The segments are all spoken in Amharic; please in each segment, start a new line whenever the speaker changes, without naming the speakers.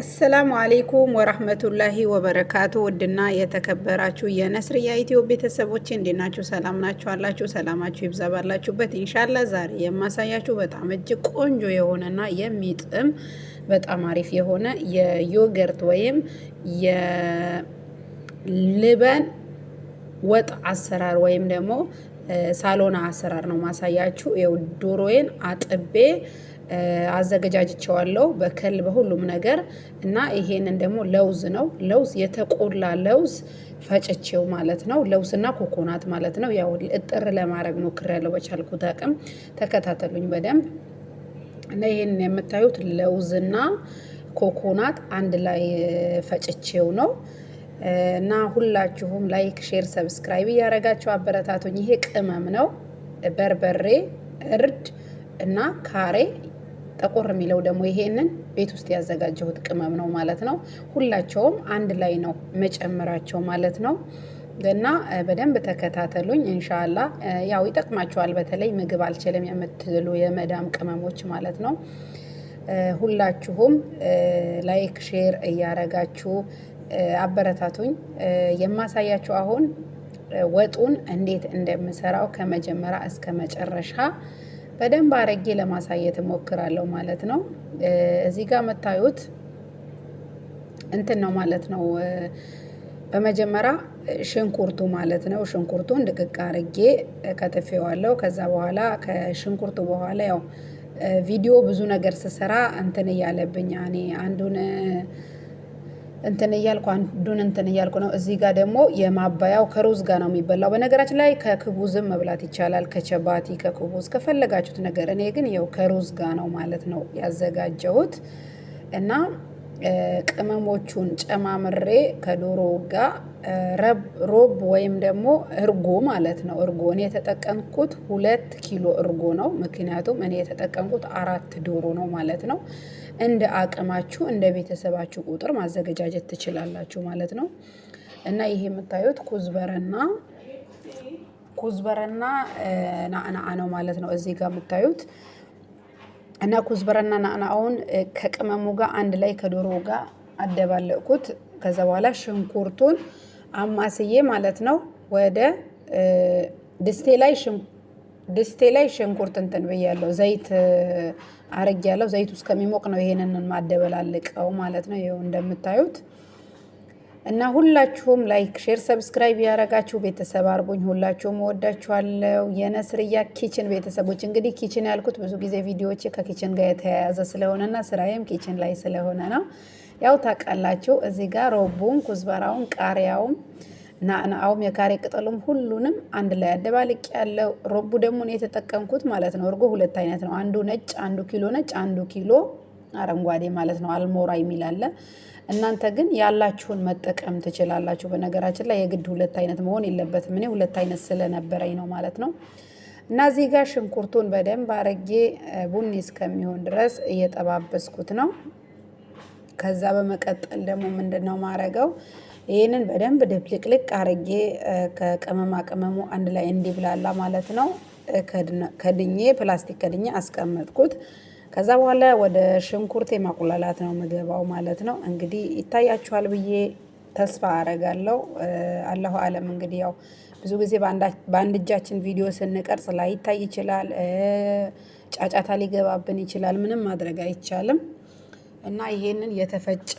አሰላሙ አሌይኩም ወራህመቱላሂ ወበረካቱ። ውድና የተከበራችሁ የነስርያ ኢትዮ ቤተሰቦች እንዴት ናችሁ? ሰላም ናችሁ? አላችሁ ሰላማችሁ ይብዛ ባላችሁበት። ኢንሻላ ዛሬ የማሳያችሁ በጣም እጅግ ቆንጆ የሆነና የሚጥም በጣም አሪፍ የሆነ የዮገርት ወይም የልበን ወጥ አሰራር ወይም ደግሞ ሳሎና አሰራር ነው ማሳያችሁ። ዶሮዬን አጥቤ አዘገጃጅቸዋለሁ በከል በሁሉም ነገር እና ይሄንን ደግሞ ለውዝ ነው። ለውዝ የተቆላ ለውዝ ፈጭቼው ማለት ነው። ለውስና ኮኮናት ማለት ነው። ያው እጥር ለማድረግ ሞክሬያለሁ በቻልኩት አቅም። ተከታተሉኝ በደንብ እና ይሄንን የምታዩት ለውዝና ኮኮናት አንድ ላይ ፈጭቼው ነው እና ሁላችሁም ላይክ፣ ሼር፣ ሰብስክራይብ እያደረጋችሁ አበረታቱኝ። ይሄ ቅመም ነው። በርበሬ፣ እርድ እና ካሬ ጠቆር የሚለው ደግሞ ይሄንን ቤት ውስጥ ያዘጋጀሁት ቅመም ነው ማለት ነው። ሁላቸውም አንድ ላይ ነው መጨመራቸው ማለት ነው። እና በደንብ ተከታተሉኝ። እንሻላ ያው ይጠቅማቸዋል በተለይ ምግብ አልችልም የምትሉ የመዳም ቅመሞች ማለት ነው። ሁላችሁም ላይክ፣ ሼር እያረጋችሁ አበረታቱኝ። የማሳያችሁ አሁን ወጡን እንዴት እንደምሰራው ከመጀመሪያ እስከ መጨረሻ በደንብ አረጌ ለማሳየት እሞክራለሁ ማለት ነው። እዚህ ጋር የምታዩት እንትን ነው ማለት ነው። በመጀመሪያ ሽንኩርቱ ማለት ነው ሽንኩርቱን ድቅቅ አርጌ ከትፌዋለሁ። ከዛ በኋላ ከሽንኩርቱ በኋላ ያው ቪዲዮ ብዙ ነገር ስሰራ እንትን እያለብኝ እኔ አንዱን እንትን እያልኩ አንዱን እንትን እያልኩ ነው። እዚህ ጋር ደግሞ የማባያው ከሩዝ ጋር ነው የሚበላው። በነገራችን ላይ ከክቡዝም መብላት ይቻላል፣ ከቸባቲ ከክቡዝ ከፈለጋችሁት ነገር። እኔ ግን ይኸው ከሩዝ ጋር ነው ማለት ነው ያዘጋጀሁት እና ቅመሞቹን ጨማምሬ ከዶሮ ጋር ሮብ ወይም ደግሞ እርጎ ማለት ነው። እርጎ እኔ የተጠቀምኩት ሁለት ኪሎ እርጎ ነው። ምክንያቱም እኔ የተጠቀምኩት አራት ዶሮ ነው ማለት ነው። እንደ አቅማችሁ እንደ ቤተሰባችሁ ቁጥር ማዘገጃጀት ትችላላችሁ ማለት ነው። እና ይሄ የምታዩት ኩዝበረና ኩዝበረና ናዕናአ ነው ማለት ነው። እዚህ ጋር የምታዩት እና ኩዝበረና ናዕናአውን ከቅመሙ ጋር አንድ ላይ ከዶሮ ጋር አደባለቅኩት። ከዛ በኋላ ሽንኩርቱን አማስዬ ማለት ነው ወደ ድስቴ ላይ ድስቴ ላይ ሽንኩርት እንትን ብያለው ዘይት አርግ ያለው ዘይቱ እስከሚሞቅ ነው። ይሄንን ማደበላልቀው ማለት ነው። ይኸው እንደምታዩት እና ሁላችሁም ላይክ፣ ሼር፣ ሰብስክራይብ ያረጋችሁ ቤተሰብ አርጎኝ ሁላችሁም እወዳችኋለሁ። የነስርያ ኪችን ቤተሰቦች እንግዲህ ኪችን ያልኩት ብዙ ጊዜ ቪዲዮዎች ከኪችን ጋር የተያያዘ ስለሆነና ስራዬም ኪችን ላይ ስለሆነ ነው። ያው ታውቃላችሁ እዚህ ጋር ሮቡን፣ ኩዝበራውን፣ ቃሪያውም ናአውም የካሬ ቅጠሉም ሁሉንም አንድ ላይ አደባልቅ ያለው ሮቡ ደግሞ ነው የተጠቀምኩት ማለት ነው። እርጎ ሁለት አይነት ነው። አንዱ ነጭ፣ አንዱ ኪሎ ነጭ፣ አንዱ ኪሎ አረንጓዴ ማለት ነው። አልሞራ የሚል አለ። እናንተ ግን ያላችሁን መጠቀም ትችላላችሁ። በነገራችን ላይ የግድ ሁለት አይነት መሆን የለበትም። እኔ ሁለት አይነት ስለነበረኝ ነው ማለት ነው። እና እዚህ ጋር ሽንኩርቱን በደንብ አረጌ ቡኒ እስከሚሆን ድረስ እየጠባበስኩት ነው። ከዛ በመቀጠል ደግሞ ምንድን ነው ማረገው ይህንን በደንብ ድብልቅልቅ አርጌ ከቅመማ ቅመሙ አንድ ላይ እንዲብላላ ማለት ነው ከድኜ ፕላስቲክ ከድኜ አስቀመጥኩት። ከዛ በኋላ ወደ ሽንኩርቴ ማቁላላት ነው ምገባው ማለት ነው። እንግዲህ ይታያችኋል ብዬ ተስፋ አረጋለው። አላሁ አለም እንግዲህ ያው ብዙ ጊዜ በአንድ እጃችን ቪዲዮ ስንቀርጽ ላይ ይታይ ይችላል፣ ጫጫታ ሊገባብን ይችላል። ምንም ማድረግ አይቻልም እና ይሄንን የተፈጨ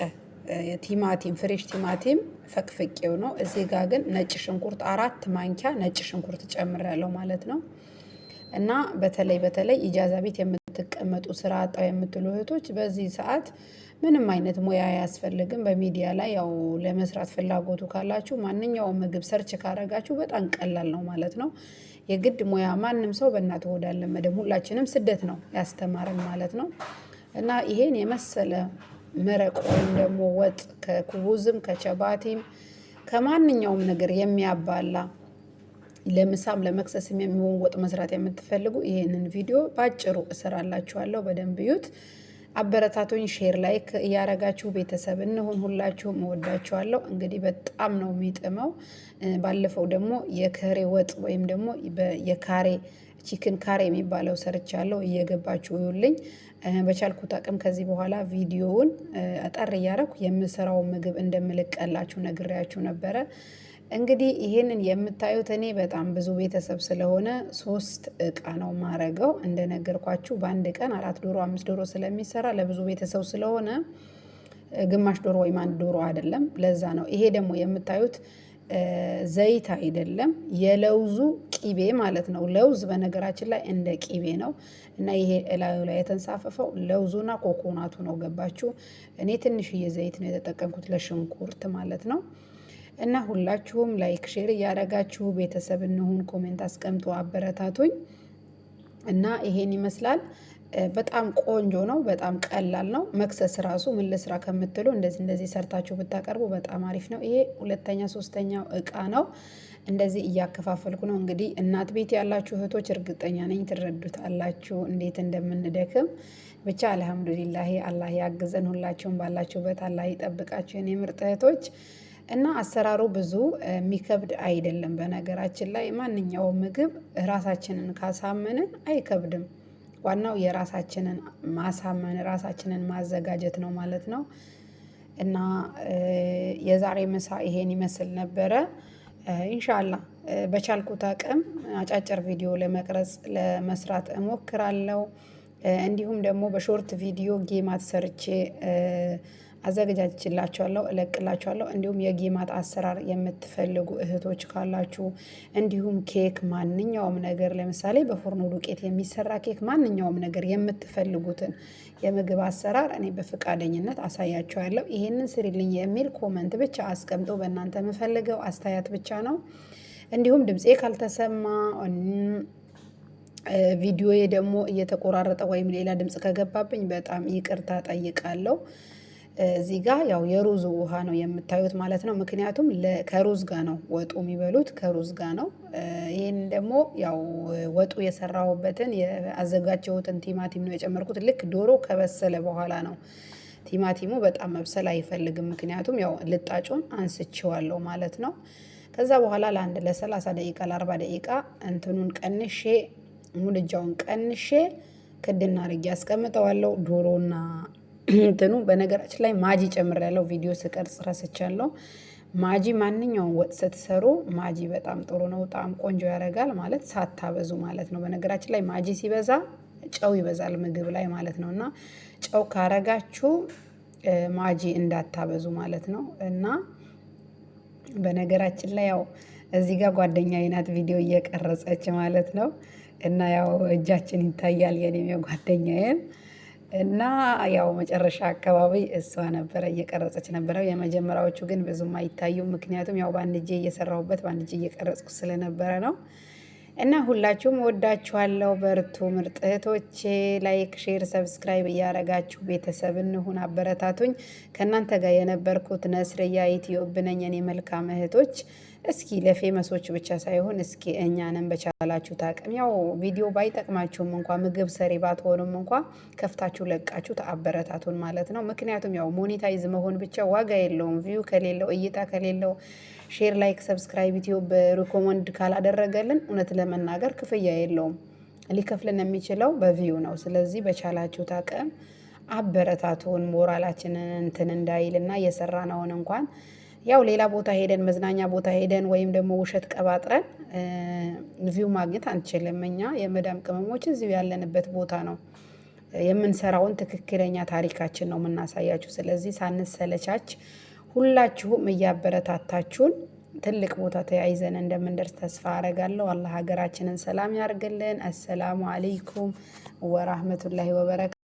ቲማቲም ፍሬሽ ቲማቲም ፈቅፍቄው ነው። እዚህ ጋር ግን ነጭ ሽንኩርት አራት ማንኪያ ነጭ ሽንኩርት ጨምሬያለሁ ማለት ነው። እና በተለይ በተለይ ኢጃዛ ቤት የምትቀመጡ ስራ አጣው የምትሉ እህቶች በዚህ ሰዓት ምንም አይነት ሙያ አያስፈልግም። በሚዲያ ላይ ያው ለመስራት ፍላጎቱ ካላችሁ ማንኛውም ምግብ ሰርች ካረጋችሁ በጣም ቀላል ነው ማለት ነው። የግድ ሙያ ማንም ሰው በእናት ሆድ ሁላችንም ስደት ነው ያስተማረን ማለት ነው። እና ይሄን የመሰለ መረቅ ወይም ደግሞ ወጥ ከኩቡዝም ከቸባቲም ከማንኛውም ነገር የሚያባላ ለምሳም ለመክሰስም የሚሆን ወጥ መስራት የምትፈልጉ ይህንን ቪዲዮ በአጭሩ እሰራላችኋለሁ። በደንብ ዩት። አበረታቶኝ ሼር ላይክ እያረጋችሁ ቤተሰብ እንሆን። ሁላችሁም እወዳችኋለሁ። እንግዲህ በጣም ነው የሚጥመው። ባለፈው ደግሞ የከሬ ወጥ ወይም ደግሞ የካሬ ቺክን ካሬ የሚባለው ሰርቻለሁ። እየገባችሁ እዩልኝ። በቻልኩት አቅም ከዚህ በኋላ ቪዲዮውን አጠር እያረኩ የምሰራው ምግብ እንደምልቀላችሁ ነግሬያችሁ ነበረ። እንግዲህ ይሄንን የምታዩት እኔ በጣም ብዙ ቤተሰብ ስለሆነ ሶስት እቃ ነው ማረገው። እንደነገርኳችሁ በአንድ ቀን አራት ዶሮ አምስት ዶሮ ስለሚሰራ ለብዙ ቤተሰብ ስለሆነ ግማሽ ዶሮ ወይም አንድ ዶሮ አይደለም። ለዛ ነው ይሄ ደግሞ የምታዩት ዘይት አይደለም፣ የለውዙ ቂቤ ማለት ነው። ለውዝ በነገራችን ላይ እንደ ቂቤ ነው እና ይሄ እላዩ ላይ የተንሳፈፈው ለውዙና ኮኮናቱ ነው። ገባችሁ? እኔ ትንሽዬ ዘይት ነው የተጠቀምኩት ለሽንኩርት ማለት ነው። እና ሁላችሁም ላይክ፣ ሼር እያደረጋችሁ ቤተሰብ እንሁን። ኮሜንት አስቀምጦ አበረታቱኝ እና ይሄን ይመስላል። በጣም ቆንጆ ነው። በጣም ቀላል ነው። መክሰስ ራሱ ምን ልስራ ከምትሉ እንደዚህ እንደዚህ ሰርታችሁ ብታቀርቡ በጣም አሪፍ ነው። ይሄ ሁለተኛ ሶስተኛው እቃ ነው። እንደዚህ እያከፋፈልኩ ነው። እንግዲህ እናት ቤት ያላችሁ እህቶች እርግጠኛ ነኝ ትረዱታላችሁ እንዴት እንደምንደክም። ብቻ አልሐምዱሊላህ አላህ ያግዘን። ሁላችሁም ባላችሁበት አላህ ይጠብቃችሁ የኔ ምርጥ እህቶች። እና አሰራሩ ብዙ የሚከብድ አይደለም። በነገራችን ላይ ማንኛውም ምግብ ራሳችንን ካሳመንን አይከብድም። ዋናው የራሳችንን ማሳመን ራሳችንን ማዘጋጀት ነው ማለት ነው። እና የዛሬ ምሳ ይሄን ይመስል ነበረ። ኢንሻላ በቻልኩት አቅም አጫጭር ቪዲዮ ለመቅረጽ ለመስራት እሞክራለሁ። እንዲሁም ደግሞ በሾርት ቪዲዮ ጌማት ሰርቼ አዘገጃጅላችኋለሁ እለቅላችኋለሁ። እንዲሁም የጌማት አሰራር የምትፈልጉ እህቶች ካላችሁ እንዲሁም ኬክ ማንኛውም ነገር ለምሳሌ በፎርኖ ዱቄት የሚሰራ ኬክ ማንኛውም ነገር የምትፈልጉትን የምግብ አሰራር እኔ በፍቃደኝነት አሳያችኋለሁ። ይሄንን ስሪልኝ የሚል ኮመንት ብቻ አስቀምጦ በእናንተ የምፈልገው አስተያየት ብቻ ነው። እንዲሁም ድምፄ ካልተሰማ ቪዲዮዬ ደግሞ እየተቆራረጠ ወይም ሌላ ድምፅ ከገባብኝ በጣም ይቅርታ ጠይቃለሁ። እዚህ ጋ ያው የሩዙ ውሃ ነው የምታዩት ማለት ነው። ምክንያቱም ከሩዝ ጋ ነው ወጡ የሚበሉት ከሩዝ ጋ ነው። ይህን ደግሞ ያው ወጡ የሰራሁበትን የአዘጋጀሁትን ቲማቲም ነው የጨመርኩት። ልክ ዶሮ ከበሰለ በኋላ ነው። ቲማቲሙ በጣም መብሰል አይፈልግም። ምክንያቱም ያው ልጣጩን አንስቼዋለሁ ማለት ነው። ከዛ በኋላ ለአንድ ለሰላሳ ደቂቃ ለአርባ ደቂቃ እንትኑን ቀንሼ ሙልጃውን ቀንሼ ክድና ርጌ አስቀምጠዋለሁ ዶሮና እንትኑ በነገራችን ላይ ማጂ ጨምር ያለው ቪዲዮ ስቀርጽ ረስቻለሁ። ማጂ ማንኛውም ወጥ ስትሰሩ ማጂ በጣም ጥሩ ነው። ጣም ቆንጆ ያደርጋል ማለት ሳታበዙ ማለት ነው። በነገራችን ላይ ማጂ ሲበዛ ጨው ይበዛል ምግብ ላይ ማለት ነው። እና ጨው ካረጋችሁ ማጂ እንዳታበዙ ማለት ነው። እና በነገራችን ላይ ያው እዚህ ጋር ጓደኛ ናት ቪዲዮ እየቀረጸች ማለት ነው። እና ያው እጃችን ይታያል የኔም የጓደኛዬም እና ያው መጨረሻ አካባቢ እሷ ነበረ እየቀረጸች ነበረው። የመጀመሪያዎቹ ግን ብዙም አይታዩም፣ ምክንያቱም ያው በአንድ እጄ እየሰራሁበት በአንድ እጄ እየቀረጽኩ ስለነበረ ነው። እና ሁላችሁም ወዳችኋለሁ። በርቱ ምርጥ እህቶቼ። ላይክ፣ ሼር፣ ሰብስክራይብ እያረጋችሁ ቤተሰብ እንሁን፣ አበረታቱኝ። ከእናንተ ጋር የነበርኩት ነስርያ ኢትዮብ ነኝ። መልካም እህቶች እስኪ ለፌመሶች ብቻ ሳይሆን እስኪ እኛንም በቻላችሁት አቅም ያው ቪዲዮ ባይጠቅማችሁም እንኳ ምግብ ሰሪ ባትሆኑም እንኳ ከፍታችሁ ለቃችሁ ተአበረታቱን ማለት ነው። ምክንያቱም ያው ሞኔታይዝ መሆን ብቻ ዋጋ የለውም። ቪው ከሌለው፣ እይታ ከሌለው፣ ሼር፣ ላይክ፣ ሰብስክራይብ ዩቲዩብ ሪኮመንድ ካላደረገልን እውነት ለመናገር ክፍያ የለውም። ሊከፍልን የሚችለው በቪው ነው። ስለዚህ በቻላችሁት አቅም አበረታቱን፣ ሞራላችንን እንትን እየሰራ ነውን እንኳን ያው ሌላ ቦታ ሄደን መዝናኛ ቦታ ሄደን ወይም ደግሞ ውሸት ቀባጥረን ቪው ማግኘት አንችልም። እኛ የመዳም ቅመሞች እዚሁ ያለንበት ቦታ ነው የምንሰራውን ትክክለኛ ታሪካችን ነው የምናሳያችሁ። ስለዚህ ሳንሰለቻች ሁላችሁም እያበረታታችሁን ትልቅ ቦታ ተያይዘን እንደምንደርስ ተስፋ አረጋለሁ። አላህ ሀገራችንን ሰላም ያርግልን። አሰላሙ አለይኩም ወራህመቱላሂ ወበረካቱ